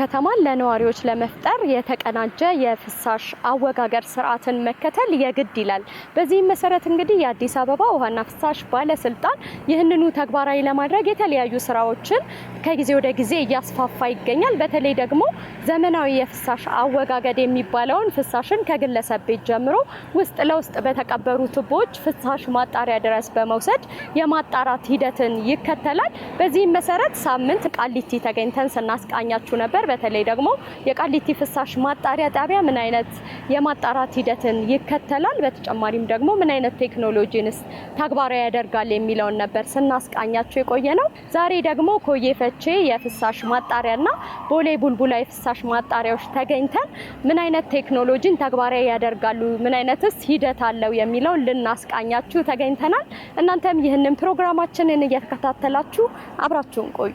ከተማን ለነዋሪዎች ለመፍጠር የተቀናጀ የፍሳሽ አወጋገር ስርዓትን መከተል የግድ ይላል። በዚህም መሰረት እንግዲህ የአዲስ አበባ ውሃና ፍሳሽ ባለስልጣን ይህንኑ ተግባራዊ ለማድረግ የተለያዩ ስራዎችን ከጊዜ ወደ ጊዜ እያስፋፋ ይገኛል። በተለይ ደግሞ ዘመናዊ የፍሳሽ አወጋገድ የሚባለውን ፍሳሽን ከግለሰብ ቤት ጀምሮ ውስጥ ለውስጥ በተቀበሩ ቱቦዎች ፍሳሽ ማጣሪያ ድረስ በመውሰድ የማጣራት ሂደትን ይከተላል። በዚህም መሰረት ሳምንት ቃሊቲ ተገኝተን ስናስቃኛችሁ ነበር። በተለይ ደግሞ የቃሊቲ ፍሳሽ ማጣሪያ ጣቢያ ምን አይነት የማጣራት ሂደትን ይከተላል፣ በተጨማሪም ደግሞ ምን አይነት ቴክኖሎጂንስ ተግባራዊ ያደርጋል የሚለውን ነበር ስናስቃኛቸው የቆየ ነው። ዛሬ ደግሞ ኮዬ ፈቼ የፍሳሽ ማጣሪያና ቦሌ ቡልቡላ የፍሳሽ ማጣሪያዎች ተገኝተን ምን አይነት ቴክኖሎጂን ተግባራዊ ያደርጋሉ፣ ምን አይነትስ ሂደት አለው የሚለውን ልናስቃኛችሁ ተገኝተናል። እናንተም ይህንን ፕሮግራማችንን እየተከታተላችሁ አብራችሁን ቆዩ።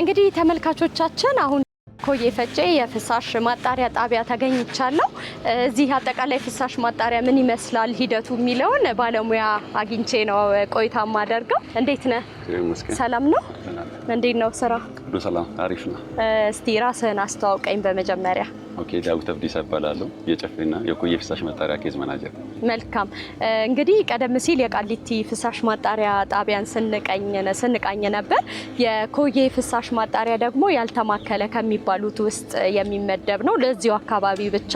እንግዲህ ተመልካቾቻችን አሁን ኮዬ ፈጬ የፍሳሽ ማጣሪያ ጣቢያ ተገኝቻለሁ። እዚህ አጠቃላይ ፍሳሽ ማጣሪያ ምን ይመስላል ሂደቱ የሚለውን ባለሙያ አግኝቼ ነው ቆይታ ማደርገው። እንዴት ነህ? ሰላም ነው? እንዴት ነው ስራ? ሰላም አሪፍ ነው። እስቲ ራስህን አስተዋውቀኝ በመጀመሪያ። ኦኬ ዳዊት አብዲሳ እባላለሁ። የጨፌና የኮዬ ፍሳሽ ማጣሪያ ኬዝ ማናጀር። መልካም እንግዲህ ቀደም ሲል የቃሊቲ ፍሳሽ ማጣሪያ ጣቢያን ስንቃኝ ነበር። የኮዬ ፍሳሽ ማጣሪያ ደግሞ ያልተማከለ ከሚባ ከሚባሉት ውስጥ የሚመደብ ነው። ለዚሁ አካባቢ ብቻ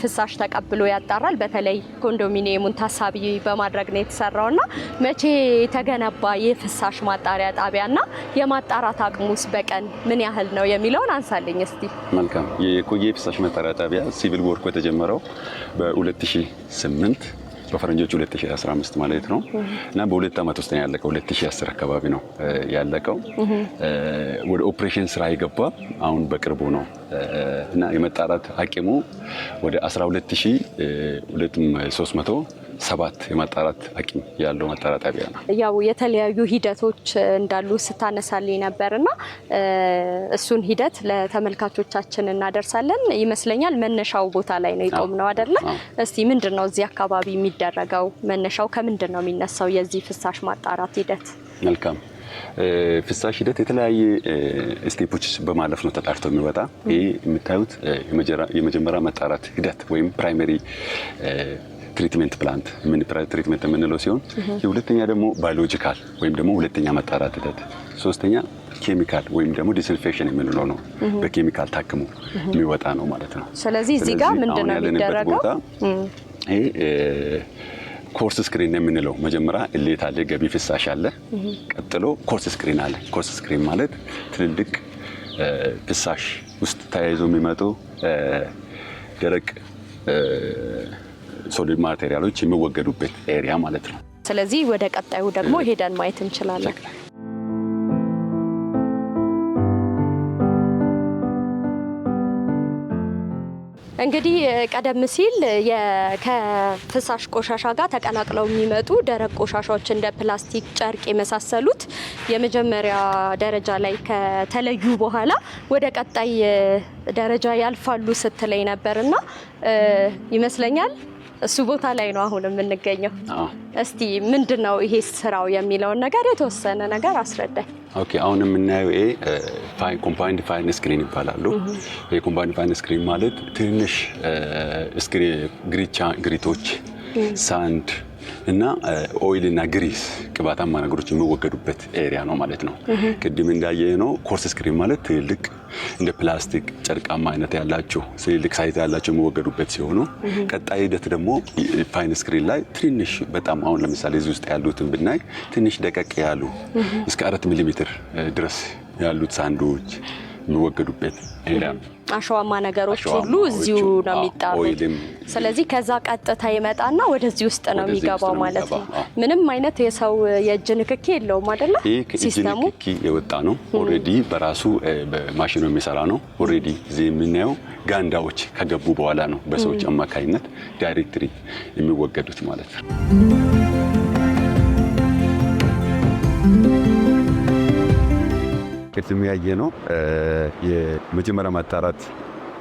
ፍሳሽ ተቀብሎ ያጣራል። በተለይ ኮንዶሚኒየሙን ታሳቢ በማድረግ ነው የተሰራው እና መቼ የተገነባ የፍሳሽ ማጣሪያ ጣቢያ እና የማጣራት አቅሙስ በቀን ምን ያህል ነው የሚለውን አንሳልኝ እስቲ። መልካም የኮዬ ፍሳሽ ማጣሪያ ጣቢያ ሲቪል ወርኩ የተጀመረው በ2008 በፈረንጆች 2015 ማለት ነው እና በሁለት ዓመት ውስጥ ነው ያለቀው። 2010 አካባቢ ነው ያለቀው። ወደ ኦፕሬሽን ስራ የገባ አሁን በቅርቡ ነው እና የመጣራት አቅሙ ወደ 12300 ሰባት የማጣራት አቅም ያለው ማጣራጠቢያ ነው። ያው የተለያዩ ሂደቶች እንዳሉ ስታነሳልኝ ነበር እና እሱን ሂደት ለተመልካቾቻችን እናደርሳለን ይመስለኛል። መነሻው ቦታ ላይ ነው ይቆም ነው አደለ? እስቲ ምንድን ነው እዚህ አካባቢ የሚደረገው? መነሻው ከምንድን ነው የሚነሳው? የዚህ ፍሳሽ ማጣራት ሂደት መልካም ፍሳሽ ሂደት የተለያየ ስቴፖች በማለፍ ነው ተጣርቶ የሚወጣ። ይህ የምታዩት የመጀመሪያ መጣራት ሂደት ወይም ፕራይመሪ ትሪትመንት ፕላንት ትሪትመንት የምንለው ሲሆን የሁለተኛ ደግሞ ባዮሎጂካል ወይም ደግሞ ሁለተኛ መጣራት ሂደት፣ ሶስተኛ ኬሚካል ወይም ደግሞ ዲስንፌክሽን የምንለው ነው። በኬሚካል ታክሞ የሚወጣ ነው ማለት ነው። ስለዚህ እዚህ ጋር ምንድን ነው የሚደረገው? ይሄ ኮርስ ስክሪን የምንለው መጀመሪያ እሌት አለ፣ ገቢ ፍሳሽ አለ፣ ቀጥሎ ኮርስ ስክሪን አለ። ኮርስ ስክሪን ማለት ትልልቅ ፍሳሽ ውስጥ ተያይዞ የሚመጡ ደረቅ ሶሊድ ማቴሪያሎች የሚወገዱበት ኤሪያ ማለት ነው። ስለዚህ ወደ ቀጣዩ ደግሞ ሄደን ማየት እንችላለን። እንግዲህ ቀደም ሲል ከፍሳሽ ቆሻሻ ጋር ተቀላቅለው የሚመጡ ደረቅ ቆሻሻዎች እንደ ፕላስቲክ፣ ጨርቅ የመሳሰሉት የመጀመሪያ ደረጃ ላይ ከተለዩ በኋላ ወደ ቀጣይ ደረጃ ያልፋሉ ስትለኝ ነበርና ይመስለኛል እሱ ቦታ ላይ ነው አሁን የምንገኘው። እስቲ ምንድን ነው ይሄ ስራው የሚለውን ነገር የተወሰነ ነገር አስረዳኝ። ኦኬ አሁን የምናየው ይሄ ኮምባይንድ ፋይን ስክሪን ይባላሉ። ይሄ ኮምባይንድ ፋይን ስክሪን ማለት ትንሽ ግሪቶች ሳንድ እና ኦይል እና ግሪስ ቅባታማ ነገሮች የሚወገዱበት ኤሪያ ነው ማለት ነው። ቅድም እንዳየ ነው ኮርስ ስክሪን ማለት ትልልቅ እንደ ፕላስቲክ ጨርቃማ አይነት ያላቸው ትልልቅ ሳይዝ ያላቸው የሚወገዱበት ሲሆኑ ቀጣይ ሂደት ደግሞ ፋይን ስክሪን ላይ ትንሽ በጣም አሁን ለምሳሌ እዚህ ውስጥ ያሉትን ብናይ ትንሽ ደቀቅ ያሉ እስከ አራት ሚሊ ሜትር ድረስ ያሉት ሳንዶች የሚወገዱበት ኤሪያ ነው። አሸዋማ ነገሮች ሁሉ እዚሁ ነው የሚጣሉት። ስለዚህ ከዛ ቀጥታ ይመጣና ወደዚህ ውስጥ ነው የሚገባው ማለት ነው። ምንም አይነት የሰው የእጅ ንክኪ የለውም አይደለ? ሲስተሙ የወጣ ነው ኦልሬዲ፣ በራሱ በማሽኑ የሚሰራ ነው ኦልሬዲ። እዚህ የምናየው ጋንዳዎች ከገቡ በኋላ ነው በሰዎች አማካኝነት ዳይሬክትሪ የሚወገዱት ማለት ነው። ቅድም ያየ ነው። የመጀመሪያ ማጣራት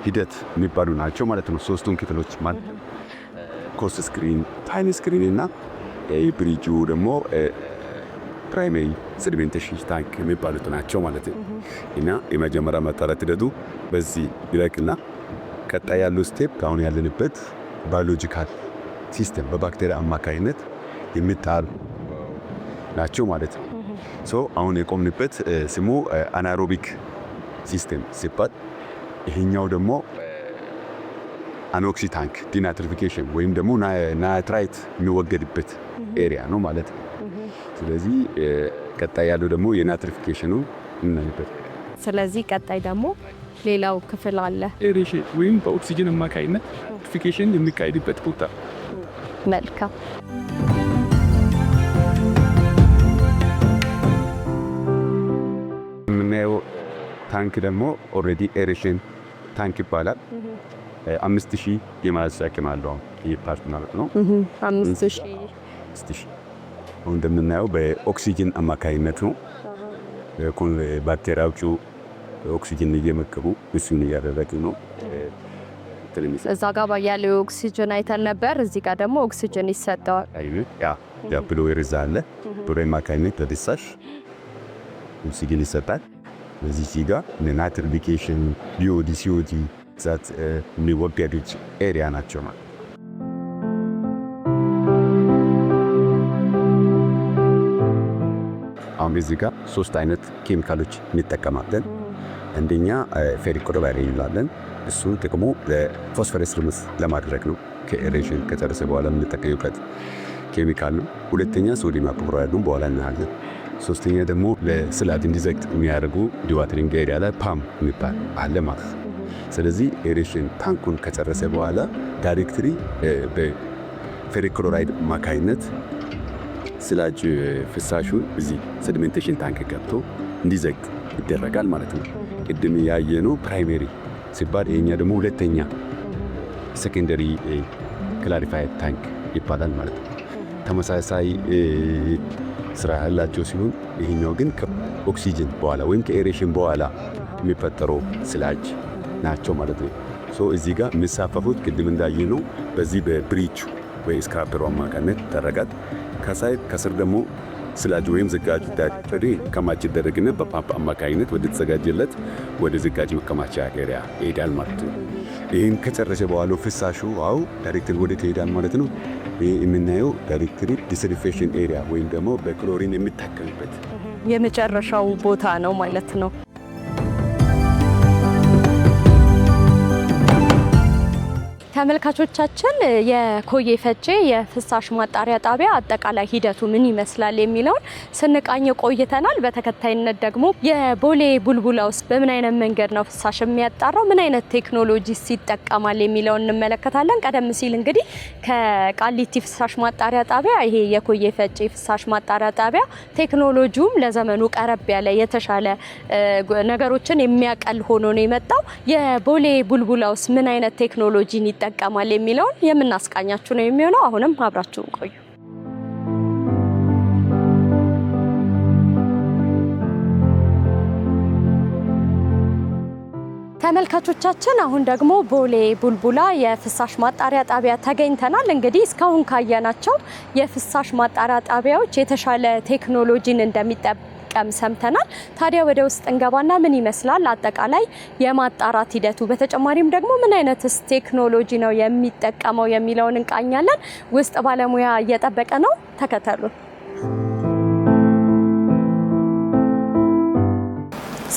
ሂደት የሚባሉ ናቸው ማለት ነው። ሶስቱን ክፍሎች ማለት ኮስ ስክሪን፣ ታይን ስክሪን እና ብሪጁ ደግሞ ፕራይሜሪ ሰዲሜንቴሽን ታንክ የሚባሉት ናቸው ማለት ነው። እና የመጀመሪያ ማጣራት ሂደቱ በዚህ ይለቅና ቀጣይ ያለው ስቴፕ አሁን ያለንበት ባዮሎጂካል ሲስተም በባክቴሪያ አማካኝነት የሚጣሩ ናቸው ማለት ነው። አሁን የቆምንበት ስሙ አናሮቢክ ሲስተም ሲባል ይሄኛው ደግሞ አኖክሲ ታንክ ዲናትሪፊኬሽን ወይም ደግሞ ናይትራይት የሚወገድበት ኤሪያ ነው ማለት ነው። ስለዚህ ቀጣይ ያለው ደግሞ የናትሪፊኬሽኑ የምናይበት። ስለዚህ ቀጣይ ደግሞ ሌላው ክፍል አለ፣ ኤሬሽን ወይም በኦክሲጅን አማካይነት ናትሪፊኬሽን የሚካሄድበት ቦታ። መልካም ታንክ ደግሞ ኦልሬዲ ኤሬሽን ታንክ ይባላል። አምስት ሺህ የማያዛቅም አለው ይህ ፓርት ማለት ነው። አምስት ሺህ አሁን እንደምናየው በኦክሲጅን አማካኝነት ነው። ባክቴሪያዎቹ ኦክሲጅን እየመገቡ እሱን እያደረግ ነው። እዛ ጋ ባያለ ኦክሲጅን አይተን ነበር። እዚህ ጋ ደግሞ ኦክሲጅን ይሰጠዋል። ብሎዌር እዛ አለ። ብሎ አማካኝነት በፍሳሽ ኦክሲጅን ይሰጣል። this year ናትሪፊኬሽን art education ዛት COD የሚወገዱት ኤሪያ ናቸው ማለት አሁን እዚህ ጋር ሶስት አይነት ኬሚካሎች እንጠቀማለን። አንደኛ ፌሪክ ሮባሪ እንላለን። እሱ ጥቅሙ ለፎስፈረስ ርምስ ለማድረግ ነው። ከኤሬሽን ከጨረሰ በኋላ የምንጠቀምበት ኬሚካል ነው። ሁለተኛ ሶዲየም ክሎራይዱን በኋላ እናያለን። ሶስተኛ ደግሞ ለስላት እንዲዘግጥ የሚያደርጉ ዲዋተሪንግ ኤሪያ ላይ ፓም የሚባል አለ ማለት ነው። ስለዚህ ኤሬሽን ታንኩን ከጨረሰ በኋላ ዳይሬክትሪ በፌሪክሎራይድ አማካኝነት ስላጅ ፍሳሹ እዚህ ሰዲሜንቴሽን ታንክ ገብቶ እንዲዘግጥ ይደረጋል ማለት ነው። ቅድም ያየ ነው ፕራይሜሪ ሲባል የኛ ደግሞ ሁለተኛ ሴኮንደሪ ክላሪፋይ ታንክ ይባላል ማለት ነው። ተመሳሳይ ስራ ያላቸው ሲሆን ይህኛው ግን ከኦክሲጅን በኋላ ወይም ከኤሬሽን በኋላ የሚፈጠሩ ስላጅ ናቸው ማለት ነው። ሶ እዚህ ጋር የሚሳፈፉት ቅድም እንዳየ ነው። በዚህ በብሪጅ ወይ ስካፕሮ አማካነት ተረጋት ከሳይ ከስር ደግሞ ስላጅ ወይም ዝጋጅ ታጥሪ ከማች ይደረግና በፓምፕ አማካኝነት ወደ ተዘጋጀለት ወደ ዝጋጅ መከማቻ ሄሪያ ይሄዳል ማለት ነው። ይህን ከጨረሰ በኋላ ፍሳሹ አው ዳይሬክትሊ ወደ ይሄዳል ማለት ነው። ይህ የምናየው ዳይሬክትሊ ዲስሪፌሽን ኤሪያ ወይም ደግሞ በክሎሪን የሚታከምበት የመጨረሻው ቦታ ነው ማለት ነው። ተመልካቾቻችን የኮዬ ፈጬ የፍሳሽ ማጣሪያ ጣቢያ አጠቃላይ ሂደቱ ምን ይመስላል የሚለውን ስንቃኝ ቆይተናል። በተከታይነት ደግሞ የቦሌ ቡልቡላ ውስጥ በምን አይነት መንገድ ነው ፍሳሽ የሚያጣራው፣ ምን አይነት ቴክኖሎጂስ ይጠቀማል የሚለውን እንመለከታለን። ቀደም ሲል እንግዲህ ከቃሊቲ ፍሳሽ ማጣሪያ ጣቢያ ይሄ የኮዬ ፈጬ ፍሳሽ ማጣሪያ ጣቢያ ቴክኖሎጂውም ለዘመኑ ቀረብ ያለ የተሻለ ነገሮችን የሚያቀል ሆኖ ነው የመጣው። የቦሌ ቡልቡላ ውስጥ ምን አይነት ቴክኖሎጂን ይጠቀማል የሚለውን የምናስቃኛችሁ ነው የሚሆነው። አሁንም አብራችሁን ቆዩ። ተመልካቾቻችን አሁን ደግሞ ቦሌ ቡልቡላ የፍሳሽ ማጣሪያ ጣቢያ ተገኝተናል። እንግዲህ እስካሁን ካየናቸው የፍሳሽ ማጣሪያ ጣቢያዎች የተሻለ ቴክኖሎጂን እንደሚጠብ እንደሚጠቀም ሰምተናል። ታዲያ ወደ ውስጥ እንገባና ምን ይመስላል አጠቃላይ የማጣራት ሂደቱ፣ በተጨማሪም ደግሞ ምን አይነትስ ቴክኖሎጂ ነው የሚጠቀመው የሚለውን እንቃኛለን። ውስጥ ባለሙያ እየጠበቀ ነው። ተከተሉ።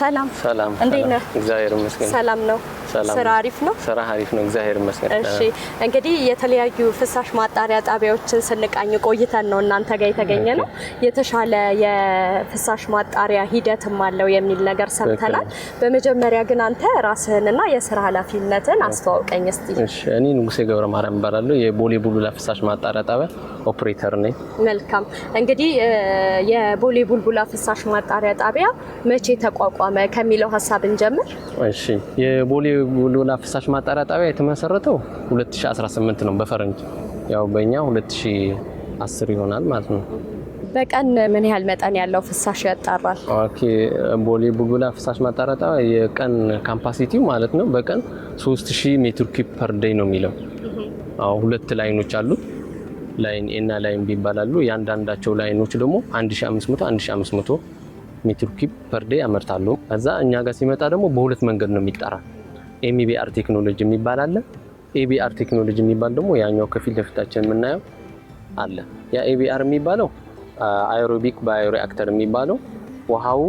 ሰላም ሰላም፣ እንዴት ነህ? እግዚአብሔር ይመስገን ሰላም ነው። ስራ አሪፍ ነው። ስራ አሪፍ ነው፣ እግዚአብሔር ይመስገን። እሺ እንግዲህ የተለያዩ ፍሳሽ ማጣሪያ ጣቢያዎችን ስንቃኝ ቆይተን ነው እናንተ ጋር የተገኘ ነው። የተሻለ የፍሳሽ ማጣሪያ ሂደትም አለው የሚል ነገር ሰምተናል። በመጀመሪያ ግን አንተ ራስህንና የስራ ኃላፊነትን አስተዋውቀኝ እስቲ። እሺ እኔ ንጉሴ ገብረ ማርያም እባላለሁ። የቦሌ ቡልቡላ ፍሳሽ ማጣሪያ ጣቢያ ኦፕሬተር ነኝ። መልካም እንግዲህ የቦሌ ቡልቡላ ፍሳሽ ማጣሪያ ጣቢያ መቼ ተቋቋመ ከሚለው ሀሳብ እንጀምር። እሺ የቦሌ ሎላ ፍሳሽ ማጠራጠቢያ የተመሰረተው 2018 ነው በፈረንጅ ያው በእኛ 2010 ይሆናል ማለት ነው። በቀን ምን ያህል መጠን ያለው ፍሳሽ ያጣራል? ቦሌ ቡልቡላ ፍሳሽ ማጣራጠቢያ የቀን ካምፓሲቲው ማለት ነው በቀን 3000 ሜትር ኪፕ ፐር ዴይ ነው የሚለው። ሁለት ላይኖች አሉት ላይን ኤ እና ላይን ቢ ይባላሉ። የአንዳንዳቸው ላይኖች ደግሞ 1500 1500 ሜትር ኪፕ ፐር ዴይ ያመርታሉ። ከዛ እኛ ጋር ሲመጣ ደግሞ በሁለት መንገድ ነው የሚጠራ። ኤሚቢአር ቴክኖሎጂ የሚባል አለ። ኤቢአር ቴክኖሎጂ የሚባል ደግሞ ያኛው ከፊት ለፊታችን የምናየው አለ። ያ ኤቢአር የሚባለው አይሮቢክ ባዮሪአክተር የሚባለው ውሃው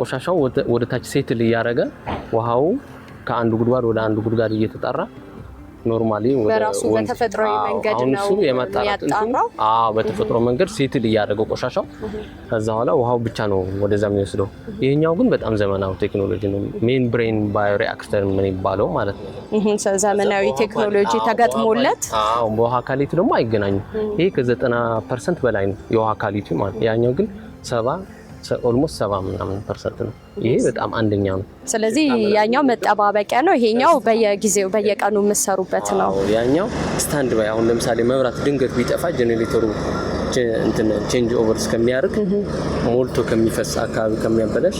ቆሻሻው ወደ ታች ሴትል እያደረገ ውሃው ከአንዱ ጉድጓድ ወደ አንዱ ጉድጓድ እየተጠራ። ኖርማሊ በራሱ በተፈጥሯዊ መንገድ ነው የሚያጣራው። አዎ በተፈጥሮ መንገድ ሴትል እያደረገው ቆሻሻው ከዛ በኋላ ውሃው ብቻ ነው ወደዛ የሚወስደው። ይሄኛው ግን በጣም ዘመናዊ ቴክኖሎጂ ነው። ሜን ብሬን ባዮ ሪአክተር ምን ይባለው ማለት ነው። ዘመናዊ ቴክኖሎጂ ተገጥሞለት በውሃ አካሊቱ ደግሞ አይገናኙም። ይሄ ከዘጠና ፐርሰንት በላይ ነው የውሃ አካሊቱ ማለት ያኛው ግን ሰባ ኦልሞስት ሰባ ምናምን ፐርሰንት ነው። ይሄ በጣም አንደኛው ነው። ስለዚህ ያኛው መጠባበቂያ ነው፣ ይሄኛው በየጊዜው በየቀኑ የምሰሩበት ነው። ያኛው ስታንድ ባይ አሁን ለምሳሌ መብራት ድንገት ቢጠፋ ጀኔሬተሩ ቼንጅ ኦቨር እስከሚያርግ ሞልቶ ከሚፈስ አካባቢ ከሚያበላሽ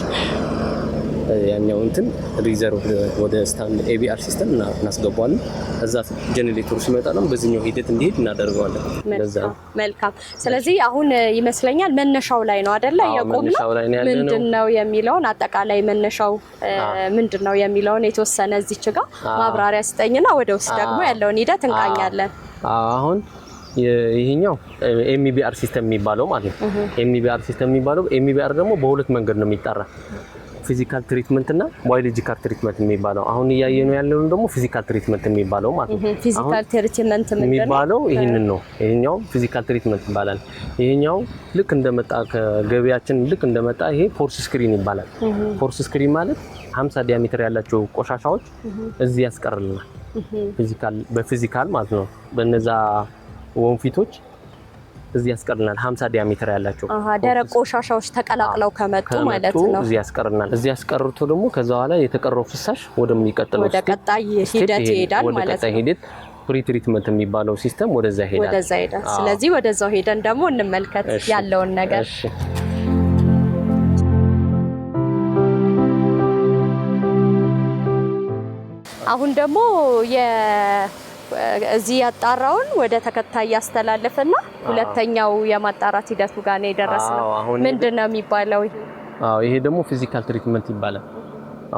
ያኛው እንትን ሪዘርቭ ወደ ስታንድ ኤቢአር ሲስተም እናስገባዋለን። እዛ ጀኔሬተሩ ሲመጣ ነው በዚህኛው ሂደት እንዲሄድ እናደርገዋለን። መልካም። ስለዚህ አሁን ይመስለኛል መነሻው ላይ ነው አደለ? የቆምነው ምንድን ነው የሚለውን አጠቃላይ መነሻው ምንድን ነው የሚለውን የተወሰነ እዚች ጋር ማብራሪያ ስጠኝና ወደ ውስጥ ደግሞ ያለውን ሂደት እንቃኛለን። አሁን ይህኛው ኤምቢአር ሲስተም የሚባለው ማለት ነው። ኤምቢአር ሲስተም የሚባለው ኤምቢአር ደግሞ በሁለት መንገድ ነው የሚጠራ ፊዚካል ትሪትመንት እና ባዮሎጂካል ትሪትመንት የሚባለው አሁን እያየ ነው ያለው ደግሞ ፊዚካል ትሪትመንት የሚባለው ማለት ነው። ፊዚካል ትሪትመንት የሚባለው ይህንን ነው። ይሄኛው ፊዚካል ትሪትመንት ይባላል። ይሄኛው ልክ እንደመጣ ከገበያችን ልክ እንደመጣ ይሄ ፎርስ ስክሪን ይባላል። ፎርስ ስክሪን ማለት 50 ዲያሜትር ያላቸው ቆሻሻዎች እዚህ ያስቀርልናል። በፊዚካል ማለት ነው በነዛ ወንፊቶች እዚህ ያስቀርናል። 50 ዲያሜትር ያላቸው ደረቅ ቆሻሻዎች ተቀላቅለው ከመጡ ማለት ነው እዚህ ያስቀርናል። እዚህ ያስቀርቶ ደግሞ ከዛ በኋላ የተቀረው ፍሳሽ ወደሚቀጥለው ወደ ቀጣይ ሂደት ይሄዳል ማለት ነው። ወደ ቀጣይ ሂደት ፕሪትሪትመንት የሚባለው ሲስተም ወደዛ ይሄዳል፣ ወደዛ ይሄዳል። ስለዚህ ወደዛው ሄደን ደግሞ እንመልከት ያለውን ነገር አሁን ደግሞ እዚህ ያጣራውን ወደ ተከታይ ያስተላለፈና ሁለተኛው የማጣራት ሂደቱ ጋር ነው የደረስነው። ምንድን ነው የሚባለው? አዎ ይሄ ደግሞ ፊዚካል ትሪትመንት ይባላል።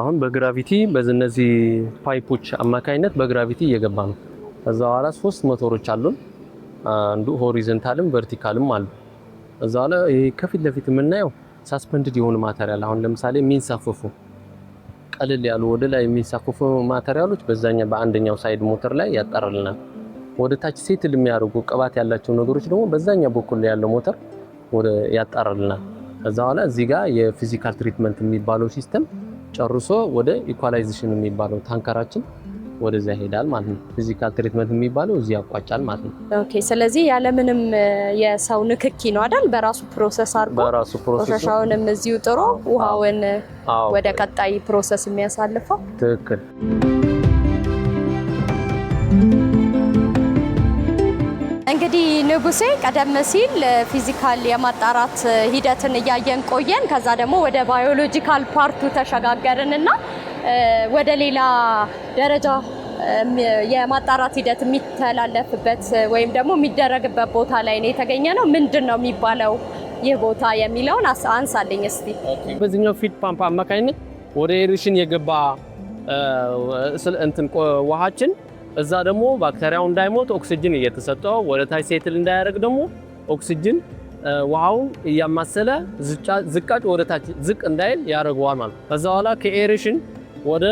አሁን በግራቪቲ በእነዚህ ፓይፖች አማካኝነት በግራቪቲ እየገባ ነው። ከዛ በኋላ ሶስት ሞተሮች አሉን። አንዱ ሆሪዞንታልም ቨርቲካልም አሉ። እዛ በኋላ ይሄ ከፊት ለፊት የምናየው ሳስፐንድድ የሆኑ ማተሪያል አሁን ለምሳሌ የሚንሳፈፉ ቀልል ያሉ ወደ ላይ የሚሳኩፉ ማቴሪያሎች በዛኛ በአንደኛው ሳይድ ሞተር ላይ ያጣራልናል። ወደ ታች ሴትል የሚያደርጉ ቅባት ያላቸው ነገሮች ደግሞ በዛኛ በኩል ያለው ሞተር ወደ ያጣራልናል። ከዛ በኋላ እዚህ ጋር የፊዚካል ትሪትመንት የሚባለው ሲስተም ጨርሶ ወደ ኢኳላይዜሽን የሚባለው ታንከራችን ወደዚያ ይሄዳል ማለት ነው። ፊዚካል ትሪትመንት የሚባለው እዚህ ያቋጫል ማለት ነው። ኦኬ። ስለዚህ ያለምንም የሰው ንክኪ ነው አይደል? በራሱ ፕሮሰስ አድርጎ በራሱ ፕሮሰስ ቆሻሻውንም እዚሁ ጥሮ ውሃውን ወደ ቀጣይ ፕሮሰስ የሚያሳልፈው ትክክል። እንግዲህ ንጉሴ ቀደም ሲል ፊዚካል የማጣራት ሂደትን እያየን ቆየን። ከዛ ደግሞ ወደ ባዮሎጂካል ፓርቱ ተሸጋገርን እና ወደ ሌላ ደረጃ የማጣራት ሂደት የሚተላለፍበት ወይም ደግሞ የሚደረግበት ቦታ ላይ ነው የተገኘ ነው። ምንድን ነው የሚባለው ይህ ቦታ የሚለውን አንሳለኝ እስቲ። በዚህኛው ፊድ ፓምፕ አማካኝነት ወደ ኤሪሽን የገባ እንትን ውሃችን እዛ ደግሞ ባክተሪያው እንዳይሞት ኦክሲጅን እየተሰጠው ወደ ታች ሴትል እንዳያደርግ ደግሞ ኦክሲጅን ውሃውን እያማሰለ ዝቃጭ ወደ ታች ዝቅ እንዳይል ያደርገዋል ማለት። ከዛ በኋላ ከኤሪሽን ወደ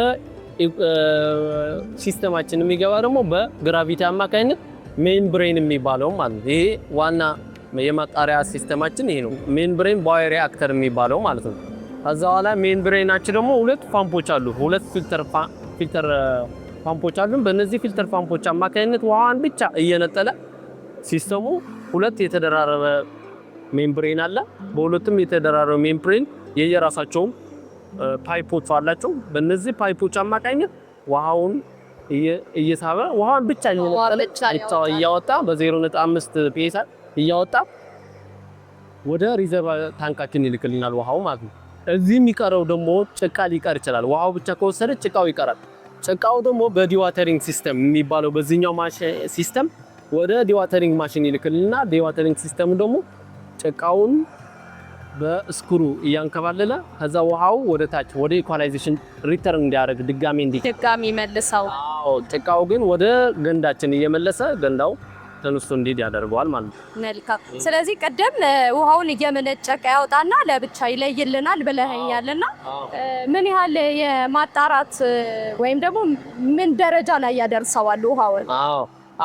ሲስተማችን የሚገባ ደግሞ በግራቪቲ አማካኝነት ሜን ብሬን የሚባለው ማለት ነው። ይሄ ዋና የማጣሪያ ሲስተማችን ይሄ ነው። ሜን ብሬን ባዮ ሪአክተር የሚባለው ማለት ነው። ከዛ በኋላ ሜን ብሬናችን ደግሞ ሁለት ፓምፖች አሉ። ሁለት ፊልተር ፊልተር ፓምፖች አሉ። በእነዚህ ፊልተር ፓምፖች አማካኝነት ውሃን ብቻ እየነጠለ ሲስተሙ ሁለት የተደራረበ ሜምብሬን አለ። በሁለቱም የተደራረበ ሜምብሬን የየራሳቸውም ፓይፖች አላቸው። በእነዚህ ፓይፖች አማካኝነት ውሃውን እየሳበ ውሃውን ብቻ እያወጣ በዜሮ ነጥብ አምስት ፒኤስ እያወጣ ወደ ሪዘርቭ ታንካችን ይልክልናል ውሃው ማለት ነው። እዚህ የሚቀረው ደግሞ ጭቃ ሊቀር ይችላል። ውሃው ብቻ ከወሰደ ጭቃው ይቀራል። ጭቃው ደግሞ በዲዋተሪንግ ሲስተም የሚባለው በዚህኛው ሲስተም ወደ ዲዋተሪንግ ማሽን ይልክልና ዲዋተሪንግ ሲስተም ደግሞ ጭቃውን በስክሩ እያንከባለለ ከዛ ውሃው ወደ ታች ወደ ኢኳላይዜሽን ሪተርን እንዲያደርግ ድጋሚ እንዲ ድጋሚ መልሰው ጭቃው ግን ወደ ገንዳችን እየመለሰ ገንዳው ተነስቶ እንዲሄድ ያደርገዋል ማለት ነው። መልካም። ስለዚህ ቀደም ውሃውን እየመነጨቀ ያወጣና ለብቻ ይለይልናል ብለኸኛልና ምን ያህል የማጣራት ወይም ደግሞ ምን ደረጃ ላይ ያደርሰዋል ውሃውን? አዎ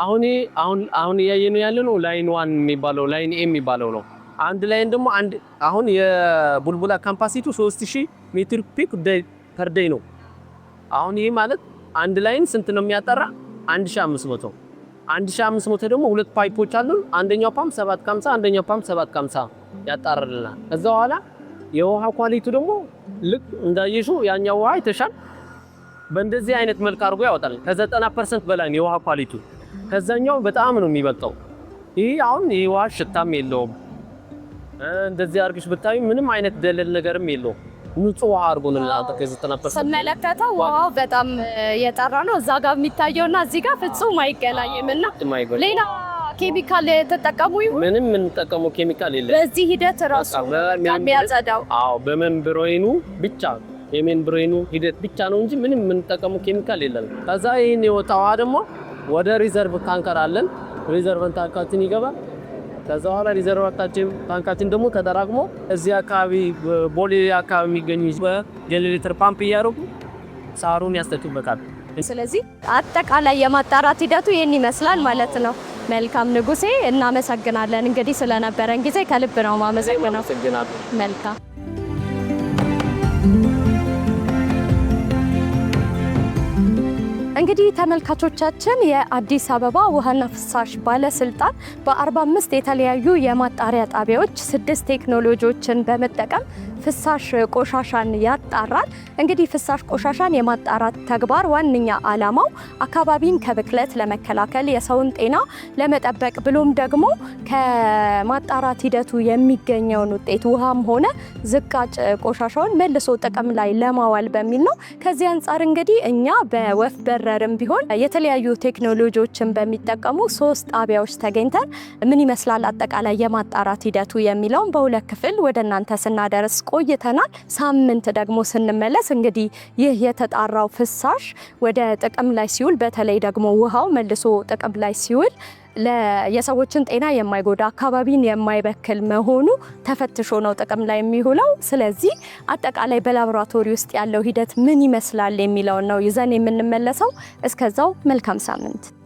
አሁን አሁን አሁን እያየነው ያለ ነው ላይን ዋን የሚባለው ላይን ኤ የሚባለው ነው አንድ ላይ ደግሞ አንድ አሁን የቡልቡላ ካምፓሲቱ 3000 ሜትር ፒክ ፐር ዴይ ነው። አሁን ይሄ ማለት አንድ ላይን ስንት ነው የሚያጠራ? 1500 1500 ደግሞ ሁለት ፓይፖች አሉ አንደኛው ፓምፕ 750 አንደኛው ፓምፕ 750 ያጣራልና ከዛ በኋላ የውሃ ኳሊቲ ደግሞ ልክ እንዳየሹ ያኛው ውሃ ይተሻል። በእንደዚህ አይነት መልክ አድርጎ ያወጣል። ከ90% በላይ የውሃ ኳሊቲ ከዛኛው በጣም ነው የሚበልጠው። ይሄ አሁን የውሃ ሽታም የለውም። እንደዚህ አድርገሽ ብታዩ ምንም አይነት ደለል ነገርም የለውም። ንጹህ ውሃ አድርጎ ነው የተነፈሰው። ስመለከተው ውሃው በጣም የጠራ ነው። እዛ ጋር የሚታየውና እዚህ ጋር ፍጹም አይገናኝም እና ሌላ ኬሚካል ተጠቀሙ ይሁን ምንም የምንጠቀመው ኬሚካል የለም። በዚህ ሂደት ራሱ የሚያጸዳው አዎ፣ በመንብሮይኑ ብቻ የመንብሮይኑ ሂደት ብቻ ነው እንጂ ምንም የምንጠቀመው ኬሚካል የለም። ከዛ ይህን የወጣ ውሃ ደግሞ ወደ ሪዘርቭ ታንከር አለን። ሪዘርቭን ታንከራችን ይገባል። ከዛ በኋላ ሪዘርቫታችን ታንካችን ደግሞ ተጠራቅሞ እዚህ አካባቢ ቦሌ አካባቢ የሚገኙ በጀኔሬተር ፓምፕ እያደረጉ ሳሩን ያስተቱበታል። ስለዚህ አጠቃላይ የማጣራት ሂደቱ ይህን ይመስላል ማለት ነው። መልካም ንጉሴ፣ እናመሰግናለን። እንግዲህ ስለነበረን ጊዜ ከልብ ነው ማመሰግነው። መልካም እንግዲህ ተመልካቾቻችን የአዲስ አበባ ውሃና ፍሳሽ ባለስልጣን በ45 የተለያዩ የማጣሪያ ጣቢያዎች ስድስት ቴክኖሎጂዎችን በመጠቀም ፍሳሽ ቆሻሻን ያጣራል። እንግዲህ ፍሳሽ ቆሻሻን የማጣራት ተግባር ዋነኛ ዓላማው አካባቢን ከብክለት ለመከላከል የሰውን ጤና ለመጠበቅ ብሎም ደግሞ ከማጣራት ሂደቱ የሚገኘውን ውጤት ውሃም ሆነ ዝቃጭ ቆሻሻውን መልሶ ጥቅም ላይ ለማዋል በሚል ነው። ከዚህ አንጻር እንግዲህ እኛ በወፍ በረርም ቢሆን የተለያዩ ቴክኖሎጂዎችን በሚጠቀሙ ሶስት ጣቢያዎች ተገኝተን ምን ይመስላል አጠቃላይ የማጣራት ሂደቱ የሚለውን በሁለት ክፍል ወደ እናንተ ስናደርስ ቆይተናል። ሳምንት ደግሞ ስንመለስ እንግዲህ ይህ የተጣራው ፍሳሽ ወደ ጥቅም ላይ ሲውል በተለይ ደግሞ ውሃው መልሶ ጥቅም ላይ ሲውል የሰዎችን ጤና የማይጎዳ አካባቢን የማይበክል መሆኑ ተፈትሾ ነው ጥቅም ላይ የሚውለው። ስለዚህ አጠቃላይ በላቦራቶሪ ውስጥ ያለው ሂደት ምን ይመስላል የሚለውን ነው ይዘን የምንመለሰው። እስከዛው መልካም ሳምንት።